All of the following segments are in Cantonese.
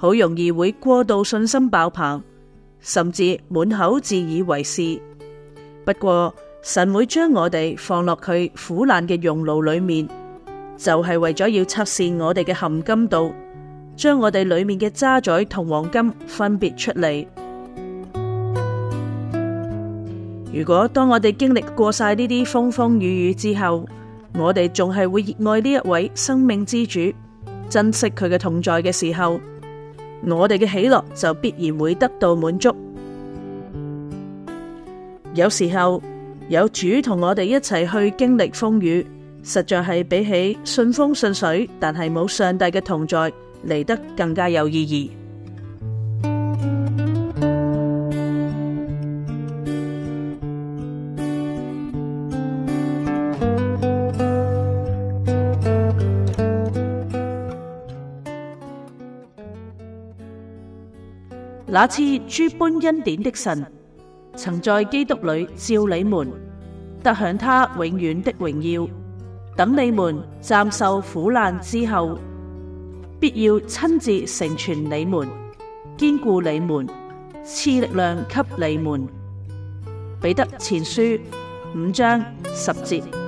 好容易會過度信心爆棚，甚至滿口自以為是。不過神會將我哋放落佢苦難嘅熔爐裏面，就係為咗要測試我哋嘅含金度，將我哋裏面嘅渣滓同黃金分別出嚟。如果當我哋經歷過晒呢啲風風雨雨之後，我哋仲係會熱愛呢一位生命之主，珍惜佢嘅同在嘅時候。我哋嘅喜樂就必然會得到滿足。有時候，有主同我哋一齊去經歷風雨，實在係比起順風順水，但係冇上帝嘅同在，嚟得更加有意義。那賜諸般恩典的神，曾在基督裏召你們，得享他永遠的榮耀。等你們暫受苦難之後，必要親自成全你們，堅固你們，賜力量給你們。彼得前書五章十節。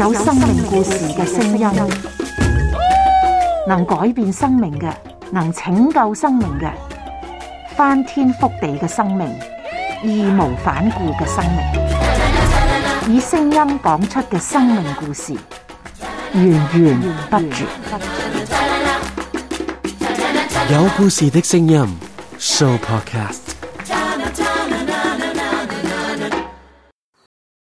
有生命故事嘅聲音，能改變生命嘅，能拯救生命嘅，翻天覆地嘅生命，義無反顧嘅生命，以聲音講出嘅生命故事，源源不絕。有故事嘅聲音，Sooo Podcast。